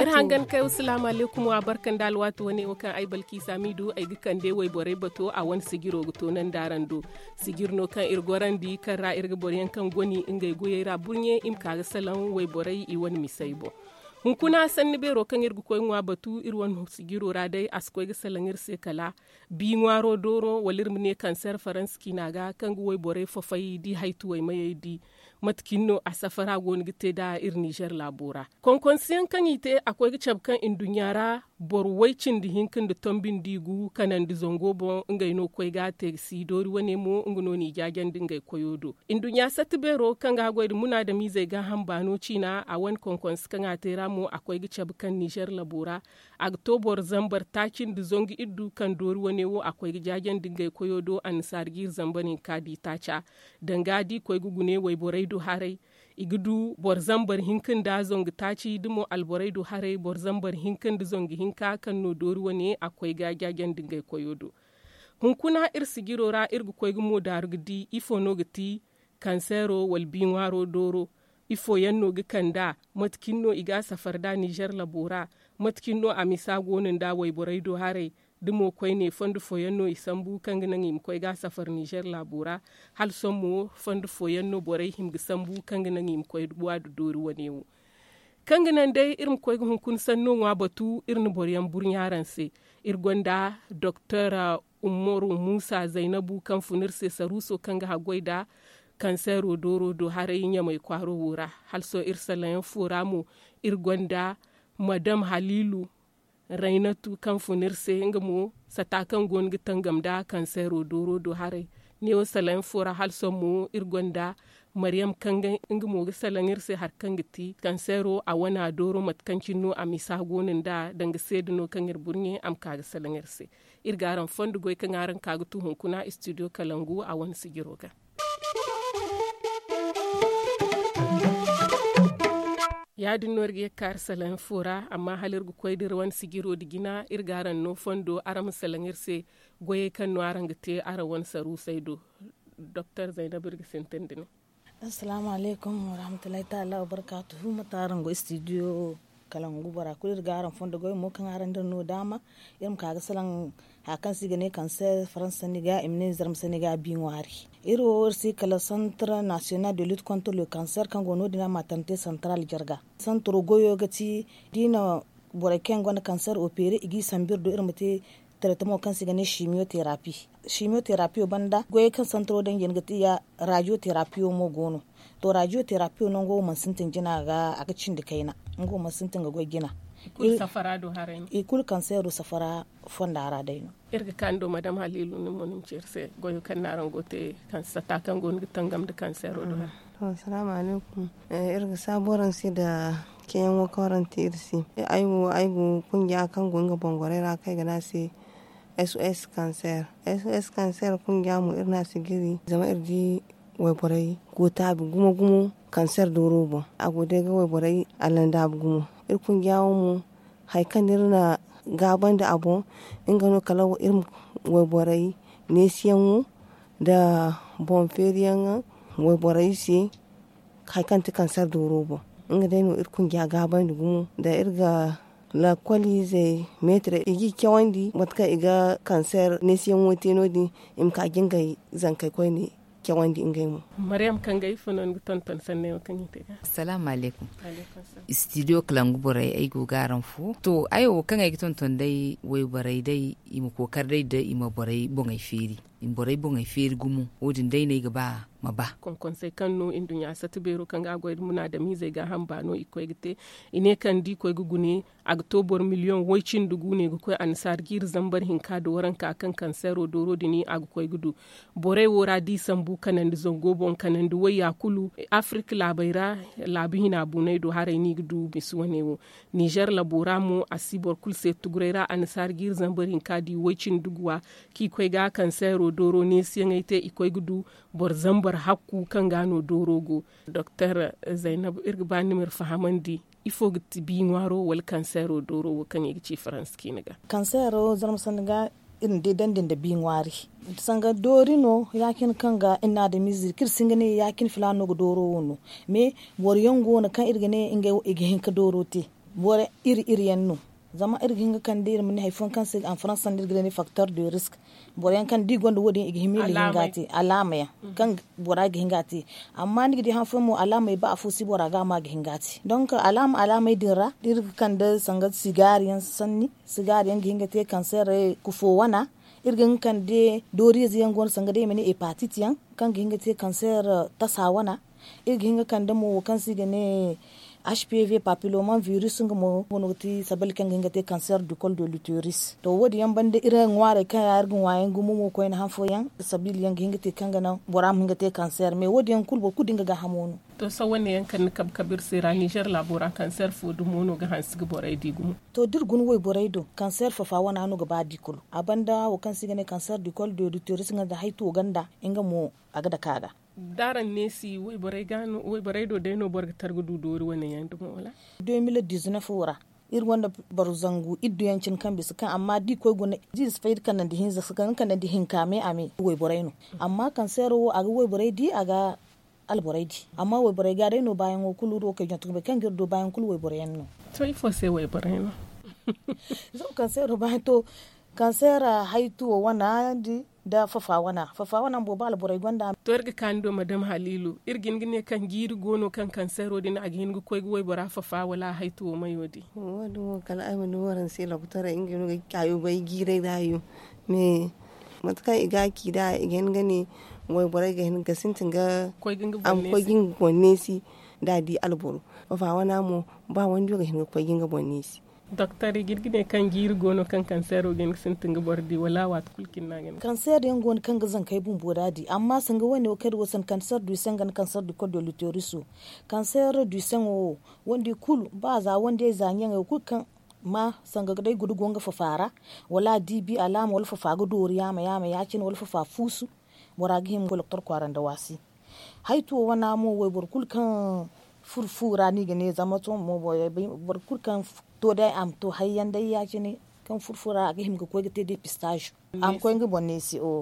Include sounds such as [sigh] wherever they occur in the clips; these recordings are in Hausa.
ir hangan kai alaikum wa barkan dal wato wani ai balki samidu ai gikan wai bato a wan sigiro to nan daran do sigirno kan ir kan ra goye ra wai borai i wani hunkuna irgu batu irwan sigiro radai askoy ga salangir se kala bi ngwaro doro walir faranski naga kan goy fofai di haitu wai mayedi di matkinno a safara gonigite da ir niger labora konkonsiyan siyan kan ite akwai cabkan indunyara bor da hinkindi digu kanan kanandi zongo bon ngai no koi ga taxi dori wane mo nguno ni jagen koyodo sati bero kan ga goidi muna da mize ga hambano china a wan suka kanga tera mo akwai gi chabkan niger labora october zambar takin di zongi iddu kan dori wane wo akwai gi jagen dingai koyodo an sargir zambanin kadi tacha dangadi kwaigugu gugune wai borai harai igudu borzambar hinkin da zongi ci dumo alborai do hare borzambar hinkin da zongi hinka kan no doruwa ne akwai gagagen dingai koyodo hunkuna ir ir irgu koygu mo darugdi ifo nogiti kansero waro doro ifo no gi kanda no iga safarda niger labora no amisa gonin da waiborai do hare dimo koy ne fondo foyanno e sambu kanga nan im koy ga safar niger bura hal sommo fondo foyanno boray himga sambu kanga nan im koy wadu dori wanewo kanga nan dai irin koy gum kun sanno wa batu irin boryan burnyaran se gonda docteur umoru musa zainabu kan funir se saruso kanga hagoida kanser rodo-rodo har hare nyamay kwaro wura halso furamu ir gonda madam halilu rainatu kan funirse nga mu sata kan gon tangam da kan doro do hare ni o fora hal so irgonda maryam kan ga nga mu gi salan har kan giti kan ro a wana doro mat kan cinno a misa gonin da danga sedino kan burni am ka ga salan irse irgaran fondu goy kan aran ka ga tuhun kuna studio kalangu a wani sigiroga yadinor ge kar salan fura amma halir gu koy dir wan sigiro digina irgaran no fondo aram salangir se goye kan no arangte ara wan saru saido dr zainabir ge assalamu alaikum rahmatullahi ta'ala barakatuhu mataran go studio kalan gubara kulir garan fondo goy mo kan aran der no dama irum kaga salan hakan siga ne kan se faransa ni ga imne zarm se ga bin wari iro si kala centre national de lutte contre le cancer kan gono dina maternité centrale jarga centre goyo gati dina bore ken gona cancer opere igi sambir do irum te traitement kan siga ne chimiothérapie chimiothérapie banda goy kan centre den yen gati ya radiotherapie mo gono to radiotherapy non go man sintin jina ga akacin cin da kaina ngo man sintin ga go gina safara do harani ikul kul kan sayro safara fonda ara dai no irga kan do madam halilu ni monum cerse goyo kan naran gote kan sata kan gon tangam da kan sayro do ah, to assalamu alaikum eh, irga saboran si da kiyan wakaran tirsi aigo eh, aigo kungiya kan bongore ra kai ga nasi sos cancer sos cancer kungiya mu irna sigiri zama irji waiborai go tabi gumo gumo kansar doro robo a gode ga a alanda gumo irkun gyawo mu haikan na gaban da abu in gano kalawa irin waiborai ne mu da bonferiyan waiborai si haikan ta kansar doro robo in ga dai no irkun gya gaban da gumo da irga la kwali zai metre igi kyawandi matka iga kansar ne siyan wote no di imka ginga kai kwai ne ke wandi ingay mu maryam kangay funon ton ton sanne o kanyi te assalamu alaikum studio klangu borai ai go garan fu to ai o k'an ton ton dai wai borai dai imu kokar dai da imu borai bongai firi feri im borai bon ai gumu odin dai ne gaba ma ba kon kan nu indun ya sati bero kan ga gwai muna da mize ga hamba no ikoy gite ina kan di koy gugune october million woicin dugune go koy ansar gir zambar hinka do waran ka kan kansero doro dini ag koy gudu bore wora di sambu kanan di zongo bon kanan di waya kulu afrique labaira labihina bunai do hare ni gudu miswane wo niger labora mu asibor kulse tugurera ansar gir zambar hinka di woicin duguwa ki koy ga kansero doro ne siyan i ikoy gudu bor zambar bor hakku kan gano dorogo dr zainab irgbanimir di ifo giti bi nwaro wal kansero dorogo kan yigici france kiniga kansero zarma sandiga irin dai dandin da bin sanga dorino yakin ga ina da mizir kir singane yakin filano ga dorogo no me wari yongo na kan irgane inga igihin ka dorote te iri iri iri yannu zama irgin er kan dai mun haifon kan sig an france ne dirgine facteur de risque boren kan di gondo wodi igi himi le ngati alama ya mhm. kan bora gi ngati amma ni gidi han mu alama ba afu si bora ga ma gi ngati donc alama alama dira dir kan da sanga yan sanni yan gi re ku kufo wana irgin kan de dori ziyan gon sanga dai mini hepatitis yan kan gi sai ta sawana irgin kan da mu kan sigane HPV papilloma virus nga mo wono ti sabal kan ngate te cancer du col de l'utérus to wodi yan de ira ngware kan yar gun wayen gumu mo ko en han yan sabil yang ngate kanga kan na boram ngate cancer me wodi yan kulbo nga ga hamono to so wani yan kan kab kabir sera Niger labora cancer fo du mono ga hans ga boray di gumu to dir gun woy boray do cancer fa fa wana no ga badi di kulu abanda wo kan sigane cancer du col de l'utérus nga da haitu ganda inga mo aga da kaga daran nesi wai barai gano wai barai do dai no borga targu du dori wannan yan dumo wala 2019 wura ir wanda baru zangu iddu yancin kan bisu kan amma di koy gona ji su fayir kan da hinza su kan kan da hinka me ame wai barai no amma kan sayarwo aga wai barai di aga alborai di amma wai barai ga dai bayan wo kulu do kay jontu be kan girdo bayan kulu wai barai no to ifo se wai barai no zo [laughs] kan sayarwo bayan to kan sayara haitu wana di da fafawana fafawana bo bal boray gonda torga kando madam halilu irgin gine kan giri gono kan kansero din a gin koy goy bora fafa wala haitu mayodi wadu mo kala ay man waran se la butara ingin ga kayo bay gire dayo me iga igaki da igin gane goy boray ga hin sintin ga koy gin am koy gin gonesi da di alburu fafawana mo ba wani ga hin koy gin gonesi docteur igir gine kan giri gono kan cancer ogen sin tinga bordi wala wat kulkin na gen cancer den gon kan gazan kai bun boradi amma san ga wani wakar wasan cancer du sangan cancer du kodo lutorisu cancer du sango wanda kul ba za wanda zanyen ku kan ma sanga dai gudu gonga fafara wala dibi alama wala fafa ga dori yama yama yakin wala fafa fusu gihim ko doktor kwaran da wasi haitu wana mo wai burkul kan furfura ni gane zama to mo boy burkul kan to dai am to har yanda ya kini kan furfura ga himga ko gite de pistache am ko ngi bonesi o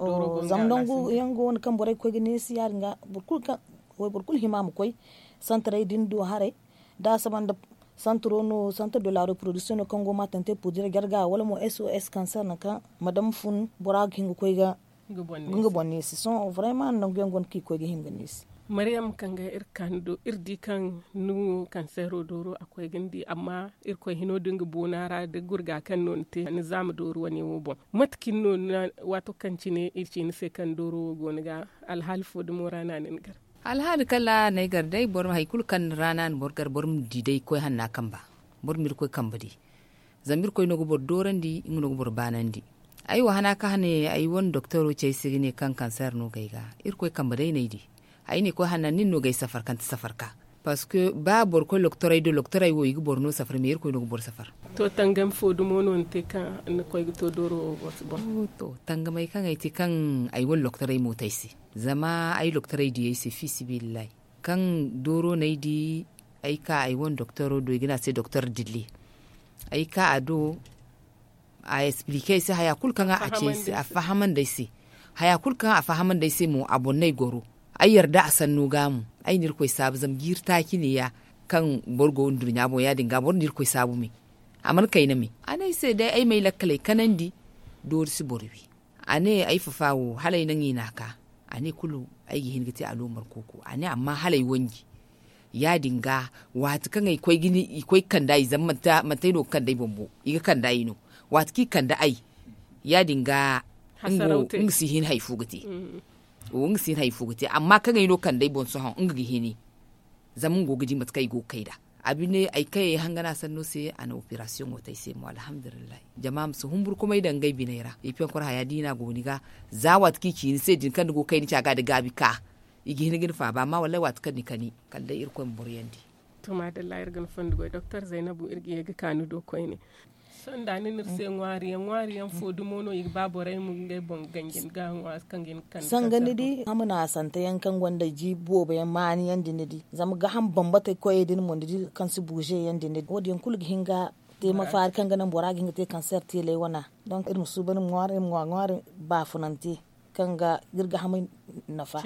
o zamdongu yango on kan borai ko ginesi yar nga burkul kan wo burkul himam koy santrai din do hare da sabanda centre no centre de la reproduction no congo ma tante pour dire garga wala mo sos cancer na kan madam fun bora hinga koy ga ngi bonesi son vraiment nangu yango ki koy ga himga nesi maryam kan ga ir kan do ir di kan nu kan sero doro akwai gindi amma ir ko hino dinga bonara da gurga kan non te ni zamu doro wani wo bon matkin non na wato kan cine ir cine se kan doro goniga fo da morana nin gar alhali kala na gar dai bor mai kul kan rana ni bor gar bor mu di dai ko hanna kan ba bor mir ko kan bidi zamir ko no go bor di ngno go bor banandi ai wa hana ka hane ai won doktoro ce sigine kan kanser no kai ga ir ko kan badai ne di ne ko hanan nin no gay safar kan safarka parce que ba bor ko loktoray do loktoray wo yigi n'o safar me ko no bor safar to tangam fo do mono oh, te kan ne ko to doro was bon to tangam ay kan ay ti kan ay won loktoray mo taysi zama ay loktoray di yisi fi sibillahi kan doro nay di ay ka ay won doktoro do gina se doktor dilli ay ka ado a explique sai haya kulkan a ce a fahaman dai sai haya kulkan a fahaman dai sai mu abonnai goro ai yarda a sannu gamu ai nir koy sabu zam girta kiliya kan borgo undur nyabo ya dinga bor nir koy sabu mi amal kayna mi anai sai dai ai mai lakkale kanandi dor si borwi ane ai fafawo halai nan ina ka ane kulu ai gihin a lomar koko ane amma halai wangi ya dinga wata kan ai koi gini koi kanda i zam mata matai no kanda bombo iga kanda ino wata ki kanda ai ya dinga ngo ngsihin haifu gati mm -hmm. wong sin hay fugte amma ka yi no dai bon sohon han ngi ne zaman go gidi kai go kai da ne ai kai hangana sanno sai an operation wata sai mu alhamdulillah jama'a su humbur kuma idan gai binaira e ifin kur haya dina go ni ga zawat kiki ni sai din kan go kai ni caga da gabi ka igi e ni gin fa ba ma wallahi wat kan ni kani kan dai irkon buryandi to ma da layar gan dr zainabu irgi ya ga kanu do ne sonda ni nirse ngwari ngwari yan mm. fodu mono yi babo rai mun ga bon gangin ga ngwas kangin kan sanga ni di amuna santa yan kan wanda ji bo bayan mani yan dinidi zamu ga han bambata koyi din mun di kan su buje yan dinidi wodi yan kulgi hinga te ma faar kan ganan bora ginga te cancer te le wana donc irin su ban ngwari ngwa ngwari ba funanti kan ga girga hamai nafa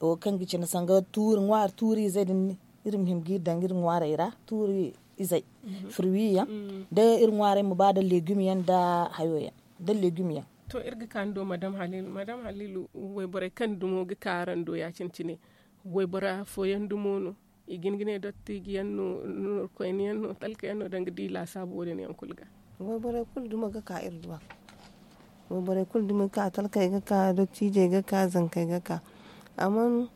o kan gi cin sanga tur ngwar turi zai din irin himgi dan irin ngwara ira turi izai mhm. ya mm. da irin ware mu ba da legume hayo ya da legume to irga kan do madam halilu madam halilu wai bare kan dumo ga karan do ya cincine wai bara foyan dumo no igin gine dotti giyan no nur ko yan no talka yan no danga dila sabo ne yan kulga wai bare kul dumo ga ka irduwa wai bare kul dumo ka talka ga ka dotti je ga ka zankai ga ka amma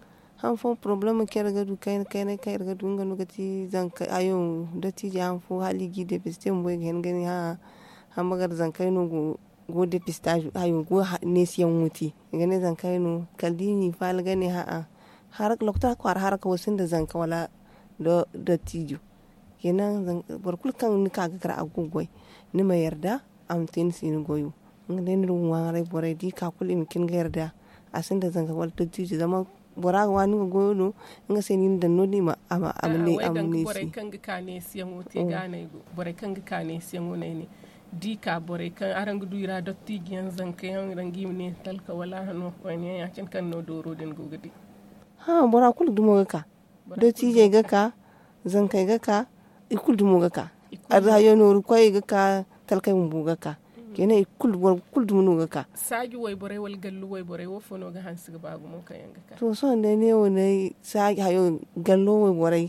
han fo problem ker ga du kain kain kair ga du ngano ga ti zan ayo da ti ja han fo hali gi de piste mbo gen gani ha han magar zan kai no go go de pistage ayo go ne siyan wuti gen zan kai no kaldini fal gane ha a har lokta kwar har wasin da zan ka wala da da tijo kenan barkul kan ni kaga kar agugoi ni ma yarda am tin sin goyo ngden ruwa rai bore di ka kulim kin ga yarda asin da zan ka wala da zaman zama bora wani ga gono nga se ni dan ni ma ama amne amne si bora kan ga kane siyan wote oh. go bora kan ga kane siyan wone ne di ka bora kan arang du ira dotti gyan zan yan rangi ne talka wala no ko ne ya kin kan no doro den go gadi ha bora kul mo ga ka dotti je ga ka zan kai ga ka ikul mo ga ka ha yo ru ko ga ka talkai mun ga ka kene kul war kul dum ga ka sagi way bore wal gallu way bore wo fono ga hansi ga bagu mun kan yanga ka to so ne ne wo ne sagi hayo gallo way bore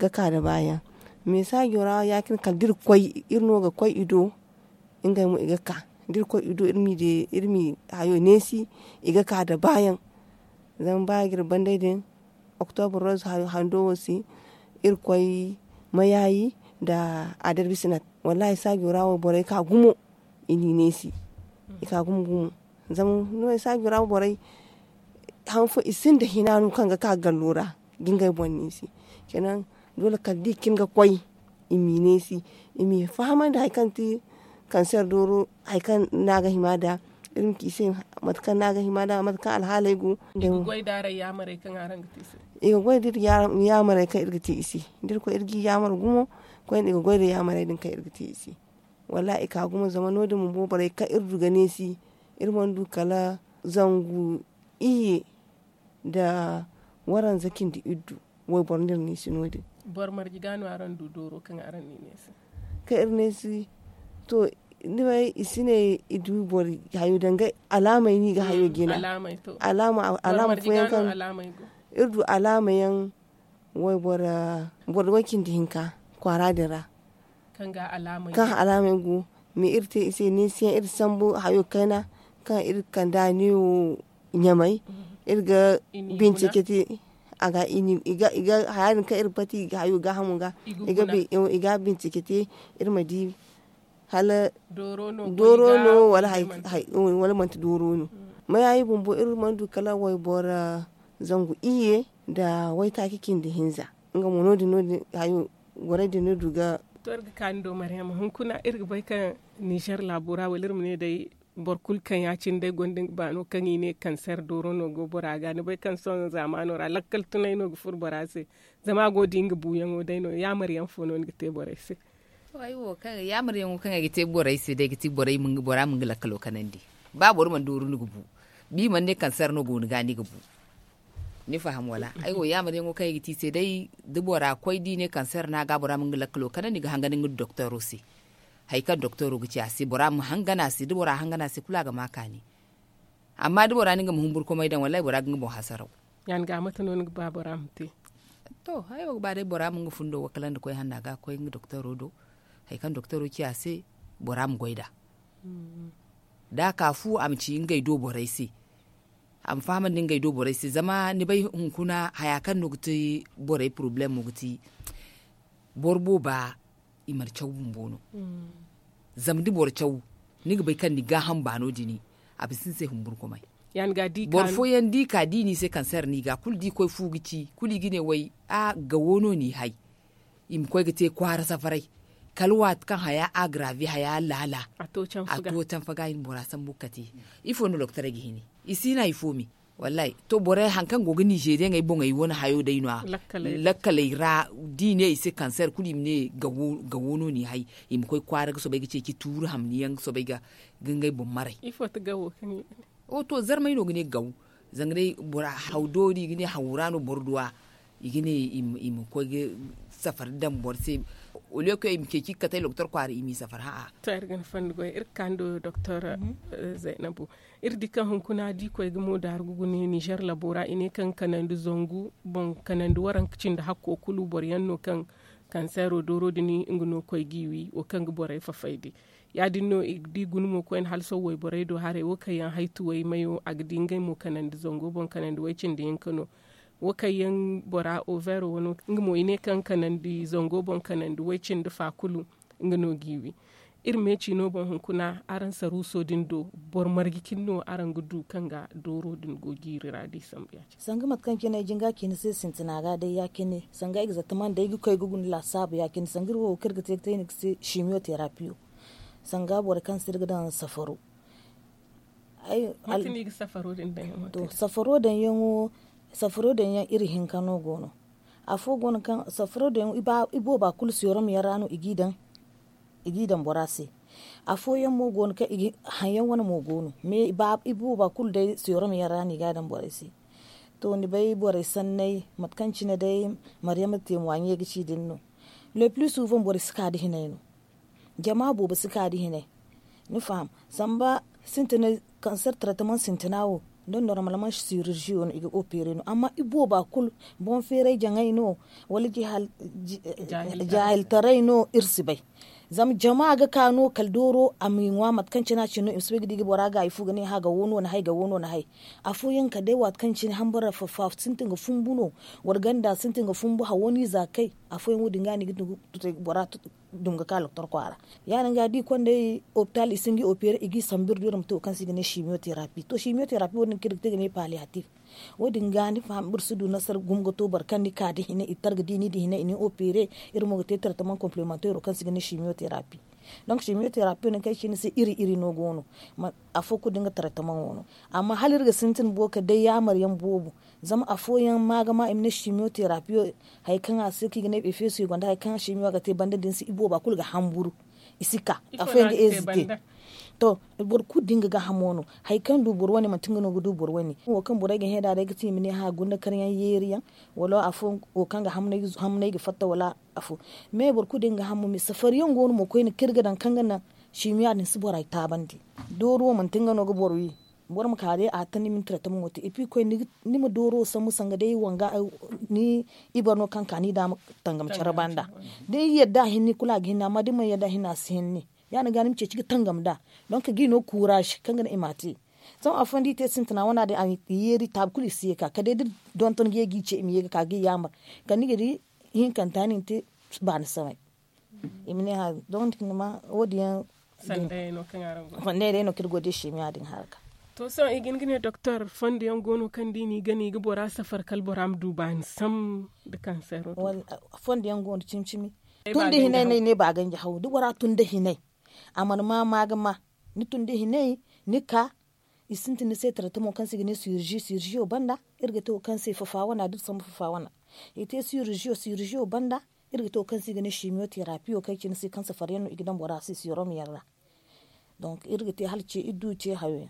ga ka da baya me sagi ra ya kin kal dir koy irno ga koy ido inga mu ga ka dir koy ido irmi de irmi hayo nesi iga ka da bayan zan ba gir bandai din october rose hayo hando wasi ir koy mayayi da adarbisinat wallahi sagi ra wo bore ka gumo ini nesi ika gum zamu no sa gira borai han fo isin da hinanu kan ga ka lura ginga bonni si kenan dole ka di kin ga koi imi nesi imi fahama da kan ti kansar doro haikan naga himada irin sai matkan naga himada matkan alhalai gu da gwai dare ya mare kan aran gitisi iga gwai dir ya mare kan irgiti isi dir ko irgi ya mare gumo ko iga gwai da ya mare din kan irgiti isi wala zama zamano mu bo bare ka irdu ganesi irmandu kala zangu iye da waran zakin da iddu wai bornir ne shi nodi bor marji gano aran doro kan aran ne ne ka si to ni bai isine idu bor hayo danga alamai ni ga hayo mm, gina alama to alama alama ko kan alamai go irdu yan wai bor bor wakin dinka kwara dira kan ga alamai kan alamai gu mi irte ise ne siya ir sambu hayo kaina kan ir kanda ne o nyamai mhm. ga bincike ti aga ini iga iga hayarin ka ir pati hayo ga hamu ga iga bi iga bincike ti ir madi hala doro no wala hay wala manta doro no ma mm. mayayi bumbu ir mandu kala wai bora zangu iye da wai takikin da hinza nga mono di no hayo gore di no duga to kando mariam hunkuna maryama hun bai kan niger labura walir ne dai borkul kan cin dai gondin bano kan ne kansar doro no go bora ne bai kan son zamano ra lakkal tunai no gufur bora se zama go dinga buyan o dai no ya Mariam fono ngi te bora se wai wo kan ya ko kan ga te bora se dai gite bora mun bora mun lakkalo kanandi ba bor man doro no gubu bi man ne kansar no go ni gani gubu ni faham wala ai wo yamare ngo kai giti se dai dubora koy dine cancer na ga bora mangla klo kana ni ga hangana ngi doctor rusi hai ka docteur guci asi bora mu hangana si dubora hangana si kula ga makani amma dubora ni ga muhumbur mai dan wallahi bora ga bo hasaro yan ga mata non ga bora mte to hai wo ba dai bora mu fundo wakalan koy handa ga koy ngi docteur do hay kan docteur guci asi bora mu goida mm-hmm. da kafu amci ngai do borai si am dinga ido borai si zama ni bai hunkuna hayakan nugti borai problem mugti borbo ba imar chau bono mm. zamdi bor chau ni bai kan ni gahan bano dini abisin sai humbur mai yan ga di kan borfo yan di ka di ni sai cancer ni ga kul di koy fugici kuli gine wai a ga wono ni hai im koi gite kwara safarai kalwa kan haya agravi haya lala a to can faga in borasan bukati ifo no lokta gihini isina ifomi wallahi to bore hankan goga nigeria ngai bonga i wona hayo dai noa lakkalai ra dine ise cancer kudi ne ga wono ni hay im koy kwara so bayga ceki turu ham ni yang so bayga gangai bon marai ifo to gawo kan o to zarmai no gane gawo zangre bora hawdori gane hawrano borduwa igine imu im ko ge safar dan borse ole ko imke ki kata doktor ko ari imi safar ha tar er gan fan go ir er kando doktor mhm. eh, Zainabu ir er dika hon kuna di ko ge mo dar gugu ne Niger labora ine kan kanandu zongu bon kanandu waran kicin da hakko kulu bor yanno kan kansero doro dini nguno ko giwi o kang boray fafaydi yadinno di mo ko en halso woy boray do hare wo kayan haytu way mayo agdingay ngay mo kanandi zongu bon kanandi way cindi en kano woka yen bora over wani ngmo ine kan kanandi zongo bon kanandi wecin da fakulu ngano giwi ir meci no bon hunkuna aran saruso din do bor margikin no aran gudu kanga doro din go giri radi sambiya ya ce sanga matkan kene jinga kene sai sintina ga dai ya kene sanga exactement dai gukai gugun la sabu ya kene sangir wo kirga tek tek sai chemotherapy sanga bor kan sirga dan safaro ai matini safaro din da to safaro dan yango safuro da yan iri hinkano gono a fogon kan safuro da iba ibo ba kul su yorom yarano igidan igidan borase a foyan mo gono ka igi hanyan wani mo gono me ba ibo ba kul dai su yorom yarani gadan borase to ni bai borai sannai matkanci na dai maryam temu wanye gici dinno le plus souvent borai suka di hinai no jama bo ba suka di hinai ni faham samba sintina cancer traitement sintinawo don normalement chirurgie on iga opere no amma ibo ba kul bon fere jangai no wala jahil tarai no irsi bai zam jama ga kano kaldoro aminwa matkan cina cino imsbig digi bora ga ifu gani ha ga wono na hai ga wono na hai a yin ka dai watkanci cin hambara fafaf sun tinga funbuno warganda sun tinga funbu ha woni za a afu yin wudin gani gidu bora dunga ka loktor kwara yanan ga di kon dai optal isingi opere igi sambir duram to kan ne chemotherapy to chemotherapy wonin kirkte ne palliative wodin gani bursu du nasar gumgo to barkan ni ka di hina itar gidi ni di hina ini opere irmo te traitement complémentaire kan sigini chimiothérapie shimiyo terapi ne kai shine sai iri iri no gono a fo dinga dinga traitement wono amma halir ga sintin boka dai ya maryam bobo zama a fo yan maga ma imne chimiothérapie hay kan a siki ne be fesu gonda hay kan chimio ga te bandin si ibo ba kul ga hamburu isika a fo ga ezite to bor ku dinga ga hamono hay kan du bor wani matinga no du bor wani wo kan bor ga heda da gati mini ha gunda karyan yeriya wala afu o kan ga hamna hamne ga fatta wala afu me bor ku dinga hamu mi safar yon gonu mo koyin kirga dan kan ganna shi mi adin su borai tabandi doro matinga no ga wi bor mu kare a tani min tara tamu wata ipi koy ni ni mu doro samu sanga dai wanga ni ibarno kan ni da tangam charabanda dai yadda hinni kula gina ma dai yadda hinna sinni yana ganim ce cikin tangam da don ka gino kura shi kan gani imati zan a di te sin tana wana da an yeri tab kuli siye ka kade da don ton ge gice im yega ka ge yamar kan ni gidi hin kan tani te ban samai imne ha don tin ma wodiyan sande no kan arango wande no kirgo de shi mi adin harka to so igin gine doctor fondi yan gono kan dini gani ga bora safar kal boram duban sam da sai wal fondi yan gono cimcimi tun da hinai ne ba ganje hawo duk wara tun da hinai amar ma magma ni tunde hinei ni ka isinti ni se trata mo kansi gine surgi surgi o banda irga to kansi fafawana duk samu fafawana ite surgi o surgi o banda irga to kansi gine terapi o kai kin si kansa farenu igidan bora si serum yarra donc irga te halce idu ce hawe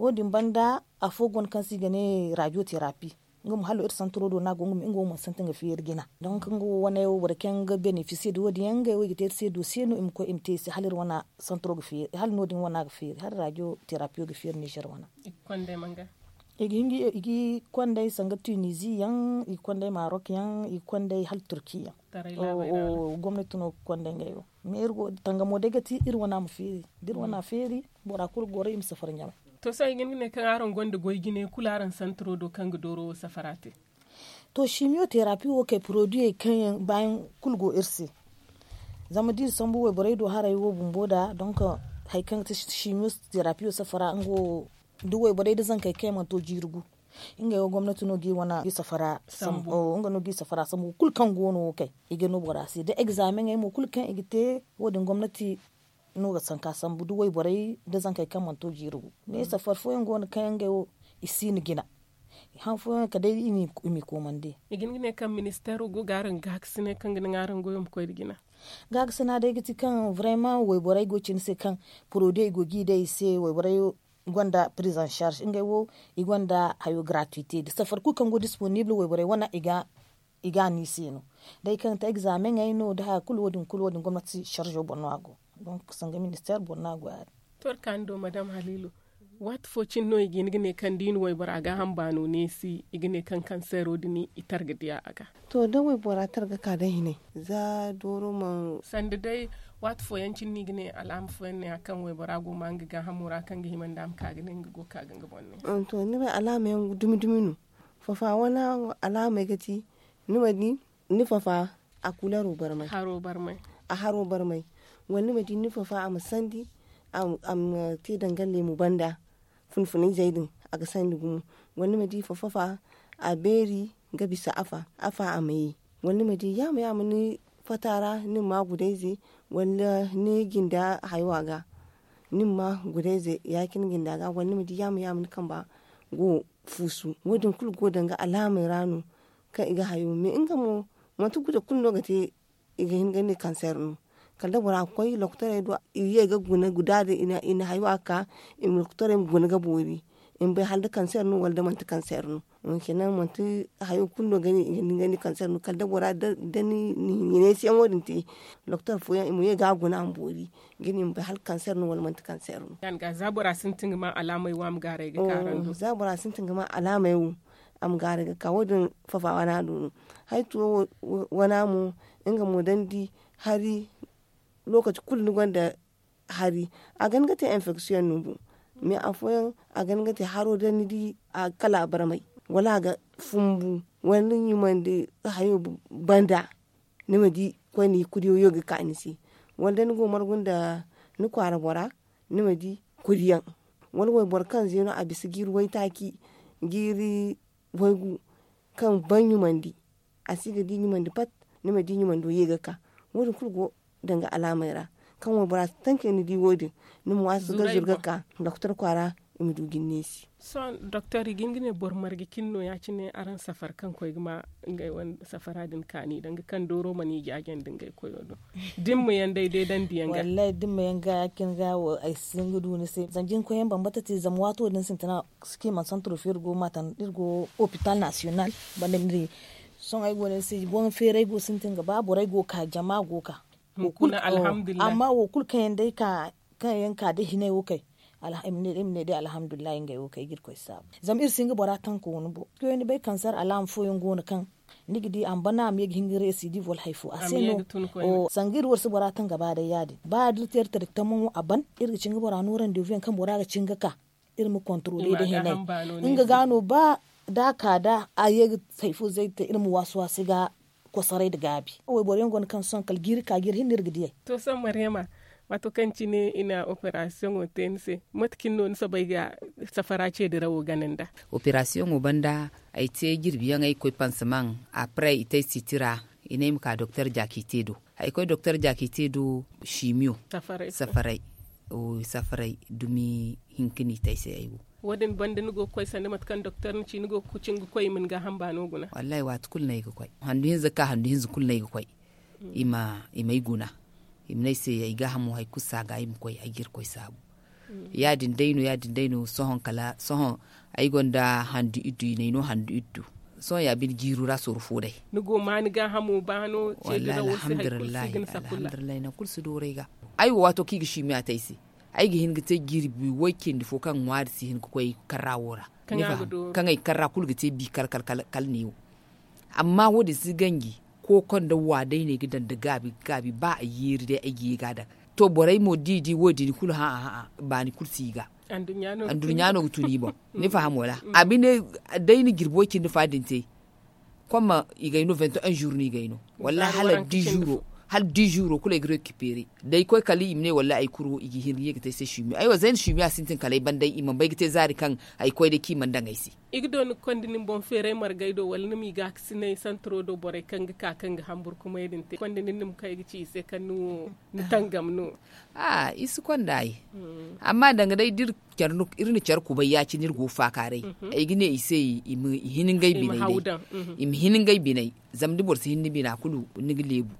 wodin banda afogon kansi gine radiotherapy ngum halu ir er santuru do na gungum ingo mo santin ga fiyar er gina don kan go wana yo barken ga benefice do wadi yanga yo gite er se do seno im ko imte se halir wana santuru ga fiyar hal no din wana ga fiyar har radio therapy ga ni jer wana ikonde manga igingi igi konde sanga tunisie yan i kwandai maroc yan i kwandai hal turkiya o gomne tuno konde ngay ngayo mi irgo tanga ir ti mo mu dir dirwana mm. feri bora kul gore im safar nyama to gini ne kan aron gonde kula kularan santro do kan safara safarate to chimiothérapie wo ke produit e kan bayan kulgo irse zama di sambu buwe bare do harai wo bumbo da don ka haikan ta chimiothérapie wo safara ngo duwe bare da zan kai kai man to jirgu inga yo gwamnati no gi wana gi safara sambu o inga no gi safara sambu kulkan kan gono kai igeno bora si da examen ai e mo kulkan kan igite wodin gwamnati nuga sanka sambu budu wai borai da zan kai kan manto jiru ne sa mm. farfo yan gona kan ga isini gina han fo ka dai imi imi ko mande igin gine kan ministeru go garin gaksine kan gina garin goyom ko gina gaksina da giti kan vraiment wai borai go cin se kan prode go gi dai se wai borai gwanda prison charge ingai wo i gwanda hayo gratuité da safar ku kan go disponible wai borai wana iga iga ni sino dai kan ta examen ai no da kulwodin kulwodin gwamnati charge bonwago donc sanga ministère bonna gwari. tor kando madam halilu wat focin no igin gine kan din wai bora ga hambano ne si igine kan kansero dini diya aga to da wai bora targa ka da hine za doro ma sanda dai wat fo yancin ni gine alam fo ne akan wai bora go man ga hamura kan ga himan dam ka gine go ka ga bonne an mm, to ni bai alama yan dumi dumi nu fa fa wana alama e gati ni ma ni fa fa a kula robar haro bar mai a haro bar mai wani mai nufa fa a sandi a te dangale mu banda funfuni zaidin a ga sandi gumu wani mai fa fa a beri ga bisa afa afa a mai wani mai ya yamu ya ni fatara ni ma gudaize wala ni ginda haiwa ga ni ma gudaize ya kin ginda ga wani mai ya yamu ya mu kan ba go fusu wadin kul go danga alamin ranu kan iga hayo me inga mo matu guda kun no ga te iga hin gane kansar nu kalda bara koi loktore do iye ga guna gudade ina ina haywa ka im loktore guna ga bori in bai halda kanser nu walda manta kanser nu in kenan manta hayo kunno gani gani gani kanser nu kalda bora da ni ni ne sai wodin ti doktor foyan imu ye ga guna an bori gini in bai hal kanser nu walda manta kanser nu yan ga zabura sun tinga ma alamai wam gare ga karan zabura sun tinga ma alamai wa am gare ga oh, kawodin fafawa na dunu haitu wana mu inga mu dandi hari lokaci kullum wanda hari a gangata infection nubu me foyan a gangata haro da nidi a kala barmai wala ga fumbu wani yuman da hayo banda di kwani kudiyo yoga ka anisi wanda ni gomar gunda ni kwara bora di kudiyan wani wai bar kan zeno a bisa giri wai taki giri waigu kan ban yuman di a siga di yuman di pat yi yuman do ga ka wani kurgo denga alamaira kan wa tan ke ni di ni mu wasu ga zurga ka doktor kwara imi du nesi so doktor gingine bor margi no ya cine aran safar kan koy gma ngai wan safara din ni danga kan doro mani jagen din ngai koy do [laughs] dim mu yan daidai dan diyan ga wallahi dim mu yan ga kin ga wa ai sun gudu ne sai zangin koyan bata ti zam wato din sin tana suke man centre firgo matan dirgo hospital national bandin ri son ai gone sai gon fere go sin tin ga babu rai go ka jama go ka mukuna alhamdulillah amma wo kul kayan dai ka kayan ka da hinai wo kai alhamdulillah imne dai alhamdulillah inga wo kai gir ko sab zam ir singa bora tan ko wonu bo ko ni bai kansar alam fo yin gona kan nigidi an bana am yeg hingire si di vol haifu aseno o sangir worsi bora tan gaba da yadi ba du ter ter tamu aban ir cinga bora nuran de kan bora ga cinga ka ir mu controle da hinai inga gano ba da ka da a yeg haifu zai ta ir mu wasu wasu ga ko sarai da gabi wai bore ngon kan son kal ka gir hinir gidi to san maryama wato kan ci ne ina operation otense matkin non sa bai ga safara ce da rawo ganin da operation ubanda ai te girbiyan ai koi pansaman après ite sitira ina ka docteur tedo. ai koi docteur jakitedo shimio safarai safarai o safarai dumi hinkini tai sai aiwo wadin bandin nugo koy sande matkan kan ni nugo kucin koy min ga hamba no guna wallahi wat kul nay ga koy handu hin zaka handu hin kul nay go koy ima ima iguna imnay se ay ga hamu hay kusa ga im koy agir koy sabu mm. yadin daino din daino sohon kala sohon ai gonda handu iddu nay no handu iddu So ya bin jiru ra sor fu dai nugo ma ni ga hamu bano ce ga wasu alhamdulillah alhamdulillah na kul su dore ga ai wato kigi shi mi ataisi aigi hin te girbi wakin difo kan wari si kai kwai karawora kan ai karra kulga te bi kal kal kal kal ne amma wada si gangi ko kon da wadai ne gidan da gabi gabi ba a yiri da aigi gada to borai mo didi wodi ni kul ha ha ba ni kul siga andunyano tuni ba ni fahim wala abine dai ni girbo kin fa dinte kuma igaino 21 jour ni igaino wallahi hala 10 jours hal du jours kula igre récupérer dai koy kali imne walla ai kuro igi hirye gite se shumi ai wazen shumi asintin kalai bandai imam bai gite zari kan ai koy de ki man dangai si igdo ni kondini bon fere margaido wal nimi ga sine santro do bore kan ga kan hambur kuma yedin te kondini nim kai gici se kan nu tangam nu [laughs] ah isu kondai hmm. amma danga dai dir kyarnu irin kyar ku bai ya ci nirgo fa kare mhm. ai gine ise imi hinin gai mhm. binai imi hinin gai binai zamdi borsi hinin bi bina kulu nigi lebu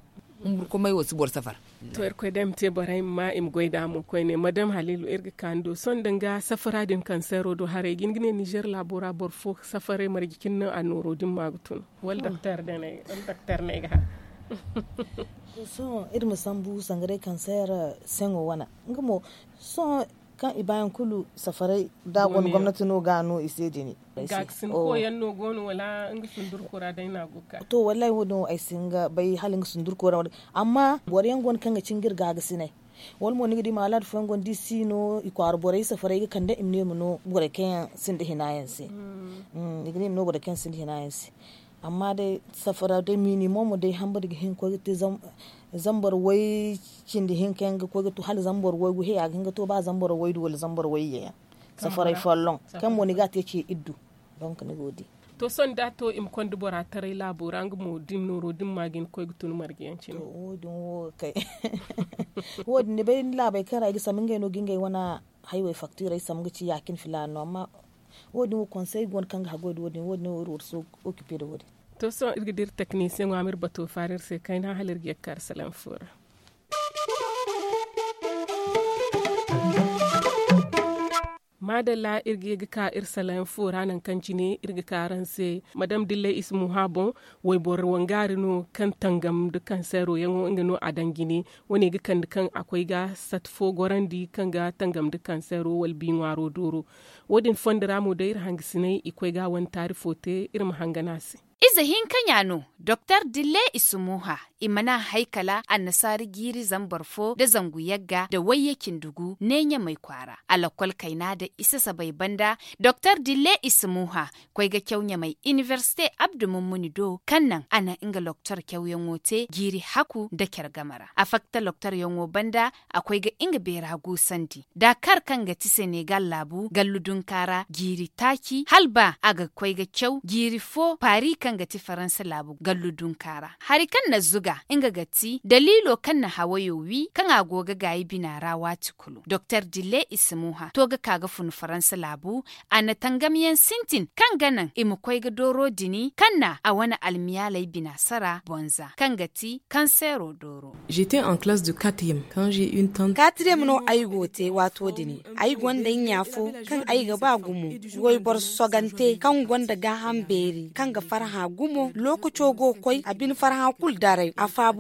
umbur ko wasu bor safar to er koy dem te boray ma im goy mu koy ne madam halilu erga kando son danga safara din kansero do hare gin gine niger labora bor fo safare margi kinna anoro din magutun wal hmm. daktar dane wal daktar ne ga [laughs] so ir er musambu sangare kansera sengo wana ngamo so kan i kulu safarai dagon gwamnati no gano ise jini gaksin oh. ko yan no gono wala inga sundur kura dai na guka to wallahi wodo ai singa bai halin sundur kura amma wariyan gon kan ga cingir gagasine wal mo nigdi ma lad fango di sino i kwar boray safare ga kande imne muno bore ken sin de hinayensi mm nigdi no bore ken hinayen hmm. hmm, hinayensi amma dai safara dai minimum dai hambar ga hin ko te zam zambar wai da hinka yanga ko to hal zambar wai guhe ya ganga to ba zambar wai duwal zambar wai ya safarai fallon kan moni ga ta ce iddu don ka gode to son da to im kon dubora tare labora ang mo din noro din magin ko gutun margiyan cin to o dun wo kai [laughs] wo din ne bai labai kara ga samin ga no gingai wana highway factory sam ga ci yakin filano amma wo din wo conseil gon kan ga gode wo din wo din wo so okipe da wo din to so irgidir technicien amir bato farir se na halir yakar salam fura madalla irgi ka irsalan fura nan kan cine irgi karan se madam dille ismu habon wai bor wangari no kan tangam de kan sero yango inga no adangini wani ga kan kan akwai ga fo gorandi kan ga tangam de kan sero wal bi ngaro duro wodin fondira mu da ir ikwai ga wan tarifote irma hanganasi izihin kanyano dr dille isumuha imana haikala a annasari giri zambarfo da zangu yagga da wayyakin dugu nenya mai kwara alakwal kaina da isa sabai banda dr dile isimuha kwai ga kyaunya mai university abdu mummuni do kannan ana inga loktar kyauyan wote giri haku da kyargamara a fakta loktar yanwo banda akwai ga inga bera gusanti dakar kan ga ti senegal labu galludun kara giri taki halba aga kwai ga kyau giri fo pari kan ga ti faransa labu galludun kara harikan na zuga ga inga gati dalilo kan na yowi kan agoga gayi binara wata kulu dr dile ismuha toga kaga fun faransa labu na tangamiyan sintin kan ganan imukwai ga doro dini kan na a wani almiyalai binasara bonza kan gati kansero doro j'étais en classe de 4e quand j'ai une tante katrem no aigo te wato dini ai gwanda yafo kan ai ga ba gumo. goy bor sogante kan gwanda ga hanberi kan ga farha gumo lokaco go koi abin farha kul darai a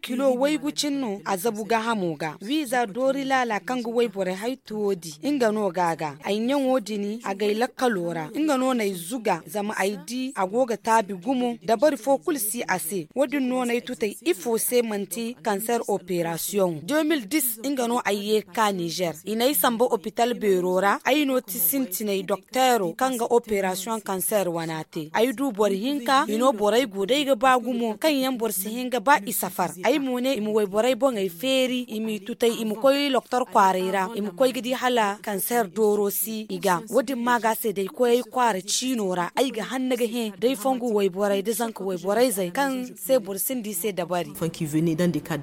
kilo wai gucin no a zabu ga ham'o ga. wiza dori lala kanga wai bore haitu inga no gaga ainyan wodi ni a gaila kalora inga no nai zuga zama a agoga tabi gumo da bari fo kulsi ase wodi no nai tutai ifo se manti cancer operation 2010 inga no ayye ka Niger inai samba hospital berora aino tisintinai doktero ga operation cancer wanate ai du bor hinka ino borai gudai ga bagumo kan yan bor sihin ninga gaba i safar ay mune imu way boray bon ay feri imi tutay imu koy loktor kwarera imu koy gidi hala kanser doro si iga wadin maga se dai koy kwara chinora ay ga hannaga he dai fongu way boray da zanka way zai kan se bursin di se dabari fanki veni dan de cas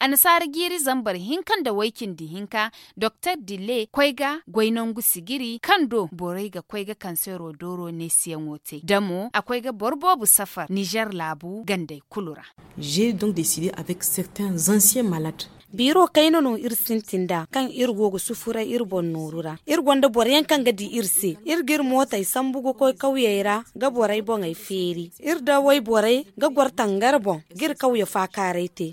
anasar giri zambar hinkan da waikin di hinka dr dile koy ga goinon gusigiri kando boray ga koy ga cancer doro ne siyan wote damo akwai ga borbobu safar niger labu gandai kulura J'ai donc décidé avec certains anciens malades biro kainono irsintinda sintinda kan ir Irbon sufura ir bonnorura ir gonda boryan kan gadi irse irgir gir mota sambugo ko kauyeira ga borai bon wai bon gir fa karete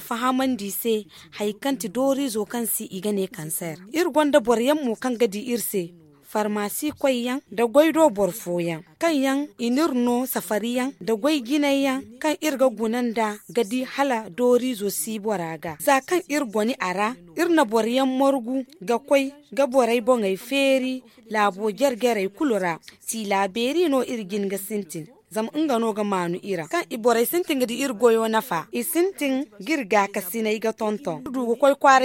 fahaman dise haikanti dori zo si igane kanser irwanda gonda boryan mu kan irse farmasi kwaiyan da gwaido borfoyan kan yan inirno safariyan da gwai ginayan kan irga gunan da gadi hala dori zo si boraga za kan irgoni ara irna boriyan morgu ga kwai ga borai bongai feri labo gergerai kulura ti laberi no irgin ga sintin zam nga no ga manu ira kan ibore sintin di ir goyo nafa isintin girga kasina iga tonton dugu koy kwar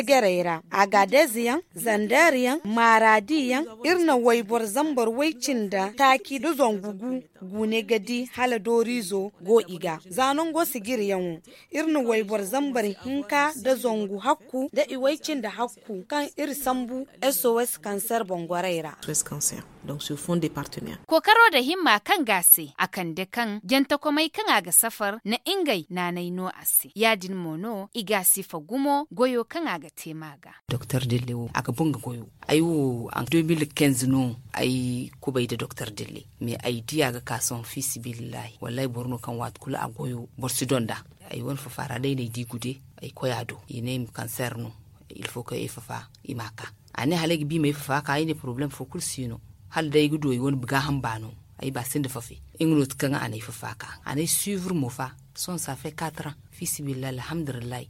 aga deziyan zandariyan maradiyan irna waibor zambar waicinda taki du zongugu gune gadi hala dorizo go iga zanon go sigir yawo irin waibor zambar hinka da zongu hakku da iwaicin da hakku kan ir sambu SOS cancer bangwaraira SOS cancer donc ce fond des partenaires kokaro da himma kan gase akan da kan janta komai kan aga safar na ingai na naino ase yadin mono igasi fagumo goyo kan aga temaga Dr. Dillewo aka bunga goyo ayo an 2015 no ai kubai da Dr. Dille me idea diya ga kason fi sibilillahi wallahi borno kan wat kula a goyo borsi don da. won fa fara dai ne digude ay koyado ine cancer no il faut que ifafa imaka ane halagi bi mai fafa ka ne problem fo kul sino hal dai gudo yi won buga han bano ay ba sin da fafe ingrot kan ane fafa ka ane suivre mo fa son ça fait 4 ans fi sibillah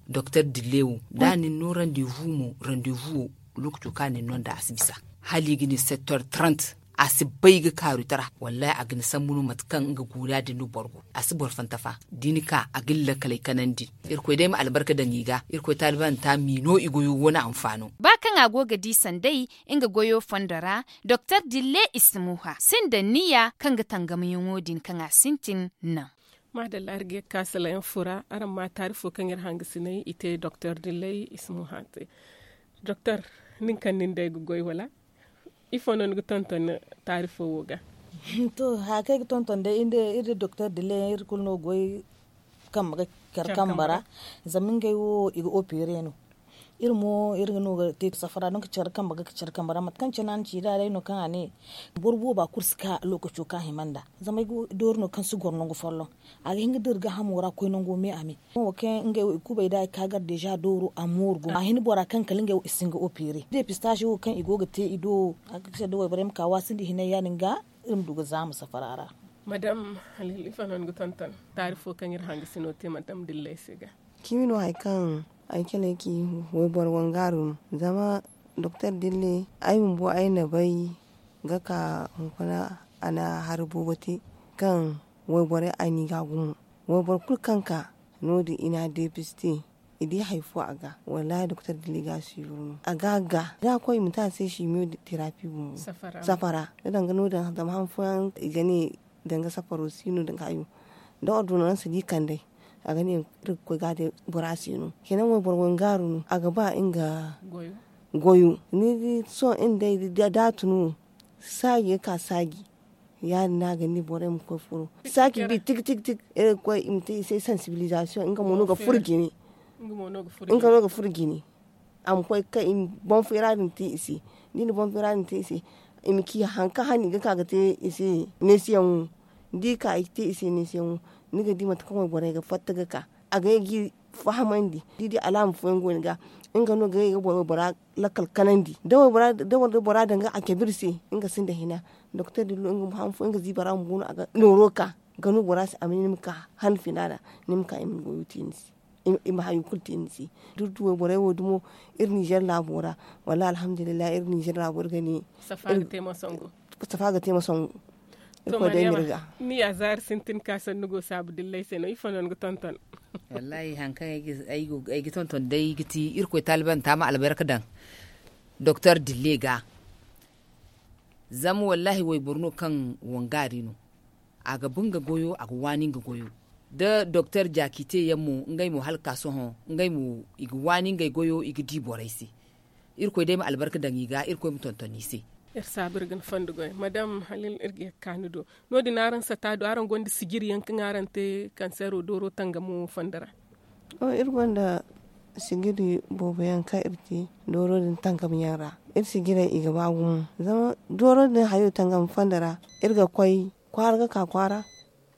docteur dilewu dani no rendez-vous mo rendez-vous k'a kan non da asibisa hali gini 7h30 asibai ga karutara wallahi san munu matkan ga gula da nu borgo asibar fantafa dinika agilla kalai di. irko dai mu albarka da niga irko taliban ta mino igoyo wani amfano ba kan agoga di sandai ga goyo fandara dr dille ismuha sin da niya kan ga tangamin wodin kan asintin nan madalla arge kasala yan fura aran ma tarifo kan yar hangisinai ite dr dille ismuha te dr ninkan nin da goyo wala ifono ngu tonton tari fo woga to ha kai tonton de inde iri docteur de le ir kulno goy kam kar kambara zamin gai wo igu opere no irmo irgno te safara no kichar kan baga kichar kan bara mat kan cinan ci da no kan ane burbu ba kurska lokacu kan himanda zamai go dor no kan su gorno go follo aga hinga ga hamura ko no go me ame mo ke nge ku bai da kagar deja doro amur go ahin bora kan kalinga isinga opire de pistache go kan igoga te ido aga kisha do bare mka wasindi hinaya ninga irim duga zamu safarara madam halil ifanan gutantan tarifo kan yir hangi sinote madam dillai siga kimino kan aikeleki webor wangarum zama dr dille ai bo ai na bai ga ka hunkuna ana harbo wati kan webor ani ga gumu webor kul kanka nodi ina depisti idi haifu a ga wala dr dille ga su yuru a ga ga da koi mutan sai shi miyo therapy mu. safara da dangano da zama hanfuyan gane danga safaro sino danga ayu da ordonansa di kan dai aga ne irko gade burasinu kenan wai borgon garunu aga ba inga goyo ni so inda da tunu sage ka sage ya na ga gani bore mu ko furo saki bi tik tik tik eh ko imte sai sensibilisation inga mono ga furgini inga mono ga furgini am ko ka im bon firarin ti isi ni bon firarin ti isi im ki hanka hani ga kaga te isi ne siyan di ka ite isi ne siyan ni ga di mata kawai gwara ga fatta ga ka a ga gi fahimman di didi alam fuyin go ga in ga no ga ga bo bara lakal kanan di wa bara da wa bara da ga akebirse in ga sun da hina doctor dillo in ga han fuyen ga zi bara mu aga ka ganu bora su amini nimka han finada nimka im goyu tinsi im hayu kultin si duk duwa bora wa dumo ir niger la bora wala alhamdulillah ir niger la bora gani safaga tema Safa safaga tema songo to mariama ni mi azar sintin ka san nugo sabu dillai seno ifa non go tonton wallahi hanka ay ay go ay tonton dai giti irko taliban tama albarka dan docteur dillega zamu wallahi way burno kan wangari no aga bunga goyo aga waninga goyo da docteur jakite yammo ngai mu halka so ho ngai mu igi waninga goyo igi di boraisi irko dai ma albarka dan iga irko mu tonton ni yar sabir fandugoy madam halil irge kanudo no di naran do aran gondi sigir yankin aran te kansero doro tanga mu fandara o irgonda sigiri bobo yanka irti doro din tanga mu yara ir sigira iga bagum zama doro din hayo tanga mu fandara irga koy kwarga ka kwara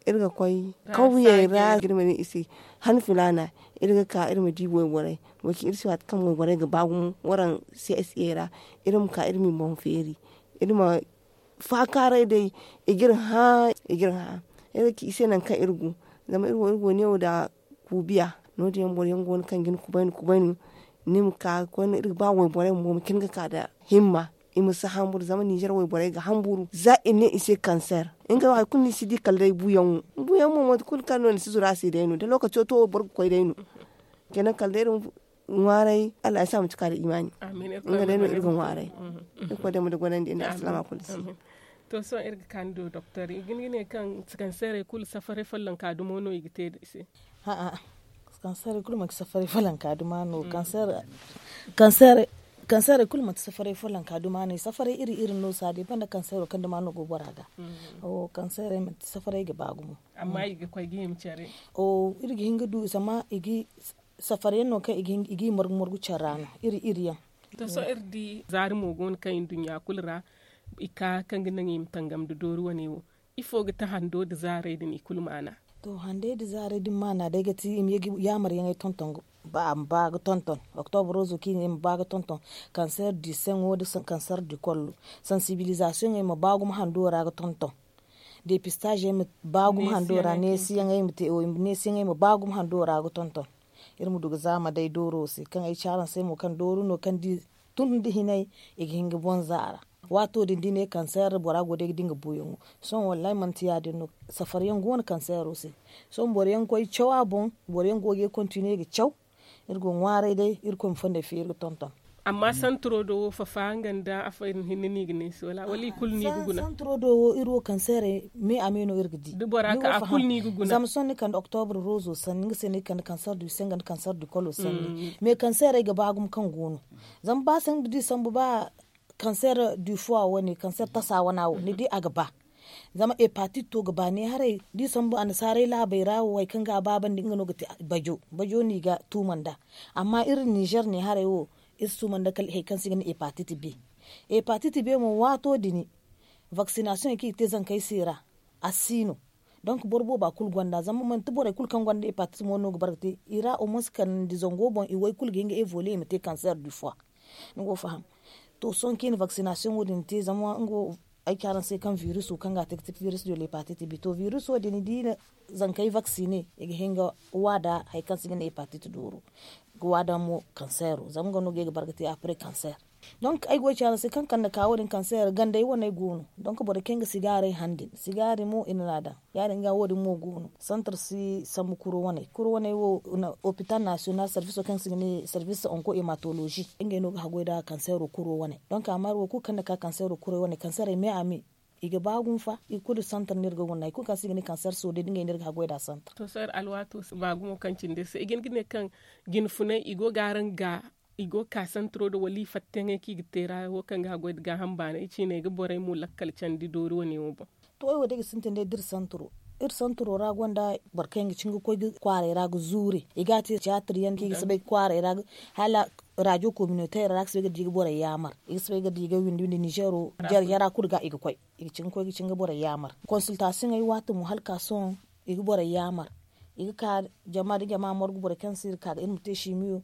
irga koy kawuye ra girmani isi han fulana irga ka irma di waiwarai waki irsi wat kam waiwarai ga bagun waran csa ra irin ka irmi mon feri irma fa kare dai igir ha igir ha irga ki ise nan kan irgu zama irgo irgo ne da kubiya no da yambo yango kan gin kubaini kubaini nim ka kon irga ba waiwarai mo kin ga ka da himma imisa hamburu zama niger wai borai ga hamburu za in ne ise in inga wai kunni sidi kalai buyan buyan mu mod kul kanu ne sizura si da no da lokaci to bor ko da no kenan rin warai Allah ya sa mu cika da imani inga dai no irgan warai ko mm-hmm. da mu da gwanan din assalamu alaikum to so irga kando doctor igin ne kan cancer kul safare fallan no igite ise ha ha cancer kul mak safare fallan no cancer cancer kansere kul mata safare fulan kaduma ne safare iri irin nosa sadi banda kansere kan duma no gobara ga mm-hmm. o oh, kansere mata safare ga bagumu amma igi kwa igi cere o oh, iri hinga du sama igi safare no ka igi igi morgu morgu charana iri iri ya to so irdi zari mogon kan dunya kulra ika kan gina yin tangam du doru wani wo ifo ga ta hando da zare din ni kulmana to hande da zare din mana daga ti im yamar yangai tontongo ba mbaga tonton octobre rose ki kini mbaga tonton cancer du sein ou de cancer du col sensibilisation e mbaga handora ga tonton dépistage e bagum handora ne si ngay mte o ne siyan e bagum handora ga tonton ir irmu duga zama dai doro se kan ay charan sai mo kan doro no kan di tun di hinai e hinga bon zara wato din dine cancer bora go gode dinga buyon son wallahi man tiya din no safar yan gon cancer rose son bor yan koy chawa bon bor yan ge continue ge chaw irgo ŋwaray day irko ma fonday fo irga tonton amma santoro do wo fafa ganda afayin hinni nigi ni sola wali ah, kul nigi guna santoro do wo irwo kansere me amino irga di du bora ka kul nigi guna samson ni kan october rose san ngi sen kan cancer du sen kan cancer du kolo san ni mm. me kansere ga bagum kan gono zan ba san di san ba cancer du foie woni cancer tasa wana wo ni di aga zama e parti to gabane hare di sambu an sare la bai rawo wai kanga baban din no gati bajo bajo ni ga tumanda amma irin Niger ne hare wo is tumanda kal he kan sigani e hepatitis B hepatitis B mo wato dini vaccination ki te zan kai sira asino donc borbo ba kul gwanda zama man to bore kul kan gwanda hepatitis mo no gbarti ira o moskan di zongo bon i wai kul ginga evolve mate cancer du foie ngo faham to son kin vaccination din te zama ngo ai kyaran sai kan virus kan ga tek virus do hepatitis patete bito virus wa dini dina zan kai vaccine ga hinga wada hai kan sigina hepatitis doro wada mo cancer zam ga no ga bargati apre kanser donc ay go chala se kan kawo ka kansa yar ganda yi wani gono ka bada kenga sigari handin sigari mo ya da ga wadin mo gono santar si samu kuro wani kuro wonai wo na opital national service kan ne service onko hematology inga no ga kansa yaro kuro don ka amar wo ku kan ka yaro kuro kansa yaro me ami iga bagun fa i kudu santar nirga wannan ku kan sigini kansar so de dinga nirga hagoi da santa to sar alwato bagun kancin de sai igin gine kan gin funai igo garan ga igo kasan tro do wali fattenge ki gitera wo kan ga go ga hambana ichi ne gbore mu lakkal di dori ne wo bo to wo de sinte ne dir santro ir santro ra gonda barkengi cingu ko kware ra go zure igati teatri yan ki sabai kware ra hala radio communautaire rak sebe ya bora yamar sabai sebe digi windi windi nigero jar yara kurga Iga koy ig cin koy cin bora yamar consultation ay watu mu halka son ig bora yamar Iga ka jama de jama gbore bora sir ka in mutashi miyo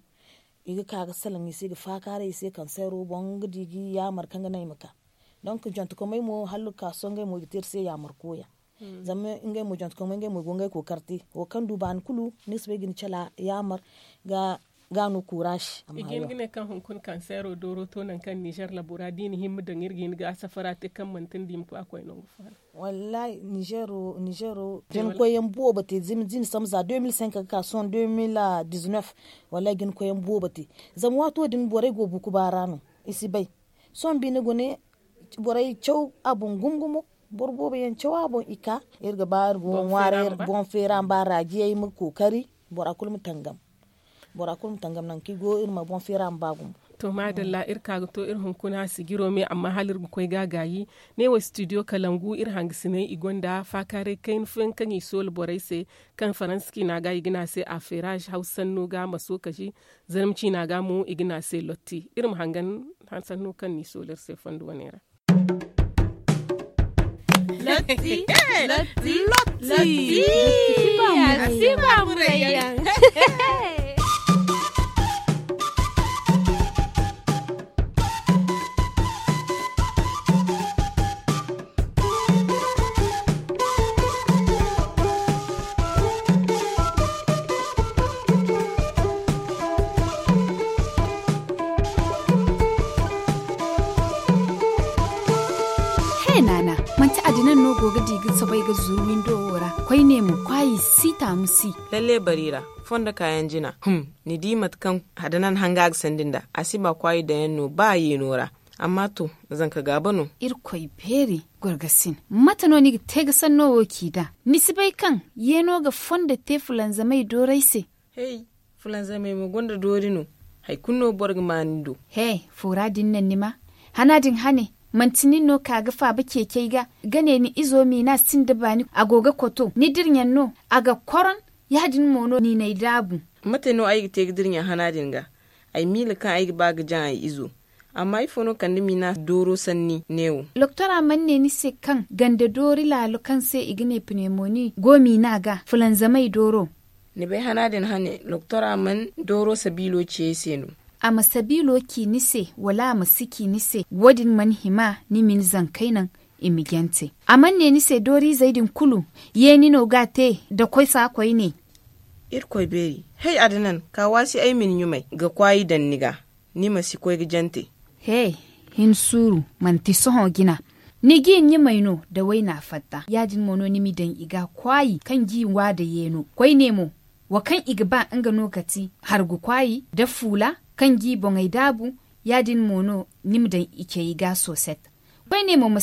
yiga kaga salan isi ga fakara isi kan sai robon gidigi gi ya markan ganai maka don ka jantu kuma mai halu ka son gai mo gitir sai ya marko hmm. ya zama ingai jantu ko ngai mo gongai ko karti o kan duban kulu nisbe gin chala ya mar ga gano courage igin gine kan hunkun kansero doro tonan kan niger labura dini himu da nirgi ga safara te kan mantin dim ku akwai no wallahi nigero nigero jin koyen bo bate zim zim samza 2005 kaka son 2019 wallahi gin koyen bo bate zan wato din bore go buku rano isi bai son bi ni gune bore chau abun gungumo borbo bayan cewa bon ika irga bar bon ware bon feran bara giye mu kokari bora kulmu tangam bora kun tangam nan ki go irma bon firan bagum to madalla ir kaga to ir kuna sigiro me amma halir kai gagayi ne wa studio kalangu ir hangisine igonda fakare kain fun kan isol borai kan faranski na ga igina se a ferage hausan no ga maso kashi zalmci na ga mu igina se lotti mu hangan hansan no kan solar se fandu wanera Lotti, [laughs] eh, Lotti, Lotti, Lotti, Lotti, Lotti, Lotti, [laughs] amsi lalle barira fonda kayan jina hum ni di matkan hadanan hanga sandin da asiba kwayi da yanno ba yi nora amma to zan ka gaba no irkoi beri gwargasin matano ni te ga no woki da misi bai kan yeno ga fonda te fulan zamai dorai se hey fulan zamai mu gonda dorino hay kunno borg manindo hey fura din nan ni ma hanadin hane mantinin no kaga fa ba keke ga gane ni izo mi na sin da bani goga koto ni dirnyan no ga koron yadin mono ni nai dabu mata no ayi te dirnya hanadin ga ai mil kan ayi ba ga jan ai izo amma no kan ni na doro sanni newo loktora manne ni se kan ganda dori lalu kan se igine pneumonia gomi na ga fulan zamai doro ni bai hanadin hane loktora man doro sabilo ce senu A ki nise wala masiki nise. wadin man hima nimin zankainan imigente manne nise dori zaidin kulu ye nino gate da koi sa ne irkoi beri hei adinan ka wasi ai min yumai ga kwayi dan niga ni masi koi jante. Hei, hin suru manti soho gina ni gin yi maino da wai na fatta yadin mono nimi dan iga kwayi kan wa da yeno kwai nemo wa kan igba an ga nokati hargu kwayi da fula kan gi bongai dabu yadin mono nimdan ike yi gaso set. Bai ne mu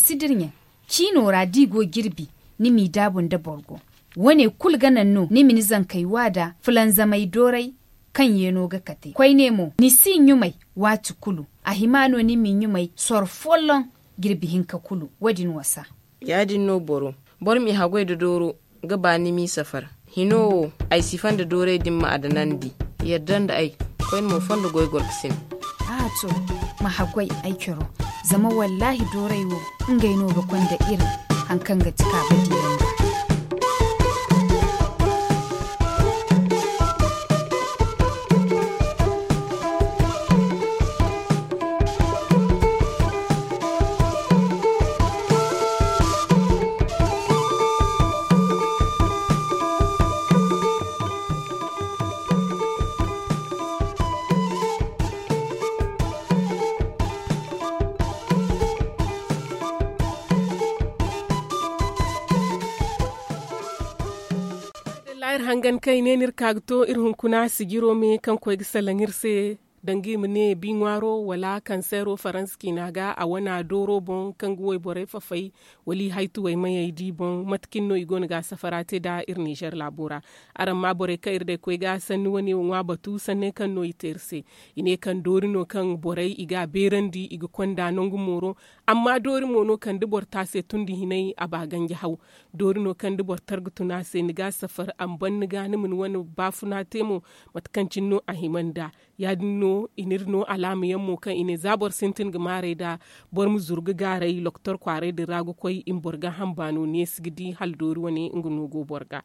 kino radigo girbi nimi dabun da borgo. Wane kul ganan no nimi zan kai wada fulan zamai dorai kan yeno ga kate. Kwai ne ni nisi nyumai watu kulu, a himano nimi nyumai folon girbi hinka kulu wadin wasa. ya Yadin no boro, bor mi hagwai da doro gaba nimi safar. Hinowo, ai sifan da dorai dimma adanandi, yaddan da ai akwai mu fondo goy gol sin a to ma hakwai aikiro zama wallahi dorewo in gaino ba kwanda irin hankan ga cika bade dangan kai ne nir kagto irin kuna sigiro me kan ko gisalangir se dangi bi binwaro wala kansero faranski naga a wana doro bon kan guwai bore fafai wali haitu wai mai di bon matkin no igon ga safarate da ir Niger labora aran ma bore kair da koi ga san wani wa batu sanne kan no iterse ine kan dori no kan bore iga berandi ga kwanda nongu moro amma dori mono kan ta tase tundi hinai a bagan hau dorino no kan dubor na sai niga safar an ban niga wani bafuna temo matakancin no a himanda ya dinno inir no alamiyan mu kan ine zabor sintin mare da bor mu zurgi garai loktor kware da rago koi in borga hambano ne sigidi hal dori wani ingunu go borga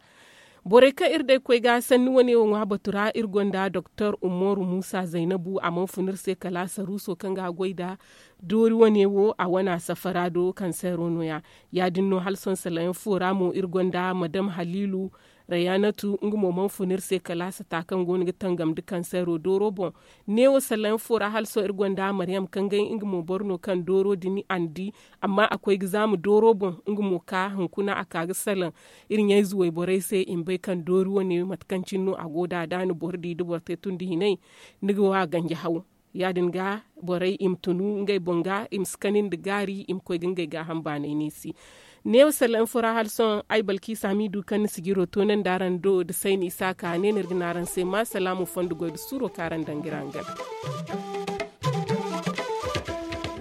boreka irde kwe ga sanni wani wa batura irgonda doktor umaru musa zainabu a mafunir sai kala saruso kan ga goida dori wane wo a wana safara do kansero noya ya dinno halson salayen fora mu irgonda madam halilu rayanatu ngumo man funir se kala sa ta kan goni gitan gam dukan sero doro bon ne wo salan fora halso irgonda maryam kan gan ngumo borno kan doro dini andi amma akwai gizamu doro bon ngumo ka hankuna aka ga salan irin yayi zuwai borai se in bai kan doro ne matkancin no agoda dani bordi dubar tundi hinai nigo wa ganje hawo yadin ga borai im tunu ngai bonga im skanin de gari im koy ngai ga hamba ne nisi ne wasalan fura halson ay balki sami dukan sigiro tonan daran do de sain ni saka ne nirginaran sai ma salamu fondu goy suro karan dangirangal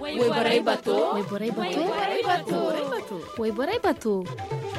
Wai borai bato, wai borai bato, wai borai bato, bato. wai borai bato.